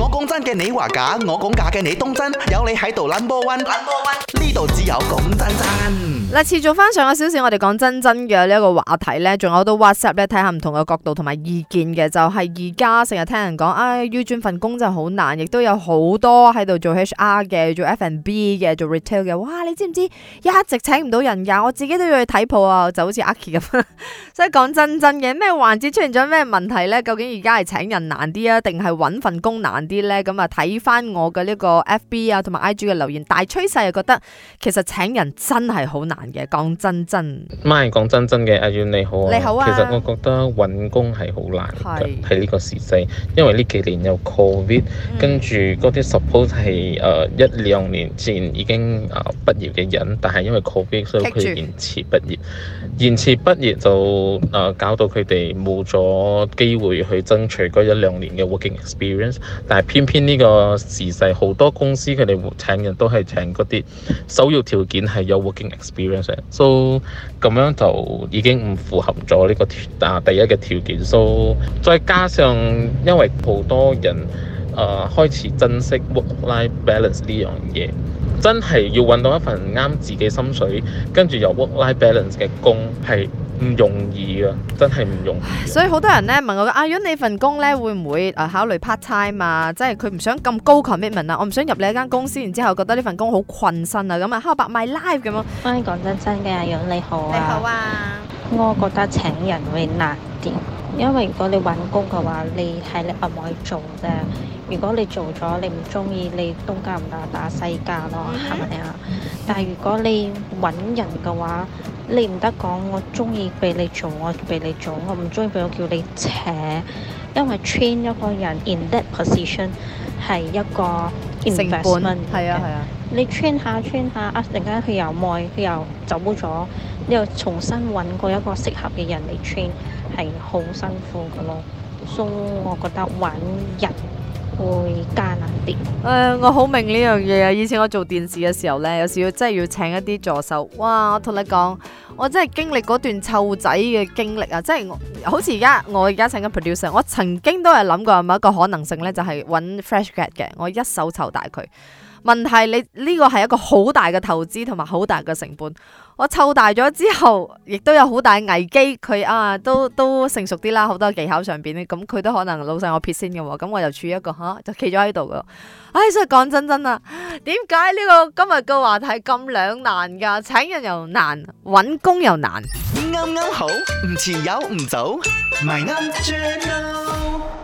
我講真嘅，你話假；我講假嘅，你當真。有你喺度，number one，呢度 Number one. 只有咁。嗱，持續翻上個小時，我哋講真真嘅呢一個話題呢，仲有好多 WhatsApp 咧睇下唔同嘅角度同埋意見嘅，就係而家成日聽人講，唉、哎，要轉份工真係好難，亦都有好多喺度做 HR 嘅、做 F&B 嘅、做 retail 嘅，哇！你知唔知一直請唔到人㗎？我自己都要去睇鋪啊，就好似阿 Key 咁。 所以講真真嘅，咩環節出現咗咩問題呢？究竟而家係請人難啲啊，定係揾份工難啲呢？咁啊，睇翻我嘅呢個 FB 啊同埋 IG 嘅留言大趨勢，就覺得其實請人真係好難。嘅講真真 MY 講真真嘅，阿耀你好啊，你好啊。好啊，其實我覺得揾工係好難，係呢是個時勢，因為呢幾年有 Covid，、嗯、跟住嗰啲 suppose 係誒、呃、一兩年前已經誒畢、呃、業嘅人，但係因為 Covid 所以佢延遲畢業止延遲畢業就誒、呃、搞到佢哋冇咗機會去爭取嗰一兩年嘅 working experience，但係偏偏呢個時勢好多公司佢哋請人都係請嗰啲首要條件係有 working experience。So，咁樣就已經唔符合咗呢、這個啊第一嘅條件，所、so, 以再加上因為好多人啊、呃、開始珍惜 work-life balance 呢樣嘢，真係要揾到一份啱自己心水，跟住有 work-life balance 嘅工係，唔容易啊，真係唔容易。易。所以好多人咧，問我：阿、啊、勇，如果你份工咧會唔會誒、啊、考慮 part time 啊？即係佢唔想咁高 commitment 啊，我唔想入你一間公司，然之後覺得呢份工好困身啊，咁啊黑白 my life 咁咯。啱先講真真嘅，阿勇你好啊。你好啊。好啊，我覺得請人會難啲，因為如果你搵工嘅話，你睇你可唔可以做啫。如果你做咗你唔中意，你東家唔打打西家咯，係咪啊？但係如果你搵人嘅話，你唔得講，我鍾意畀你做，我俾你做，我唔鍾意畀我叫你扯，因為 train 一個人 in that position 係一個 investment，啊係啊，啊你 train 下 train 下，tra 一陣間佢又愛佢又走咗，你又重新揾過一個適合嘅人嚟 train，係好辛苦嘅咯，所、so, 以我覺得揾人，會艱難啲。誒，uh, 我好明呢樣嘢啊！以前我做電視嘅時候呢，有時要真係要請一啲助手。哇，我同你講，我真係經歷嗰段湊仔嘅經歷啊！即係我，好似而家我而家請緊 producer，我曾經都係諗過某一個可能性呢，就係搵 fresh grad 嘅，我一手湊大佢。問題你呢個係一個好大嘅投資同埋好大嘅成本，我湊大咗之後，亦都有好大危機。佢啊，都都成熟啲啦，好多技巧上邊咧，咁佢都可能老細我撇先嘅喎。咁我就處一個吓、啊，就企咗喺度嘅。唉，所以講真真啊，點解呢個今日個話題咁兩難噶？請人又難，揾工又難。啱啱好，唔遲有，唔早，咪啱正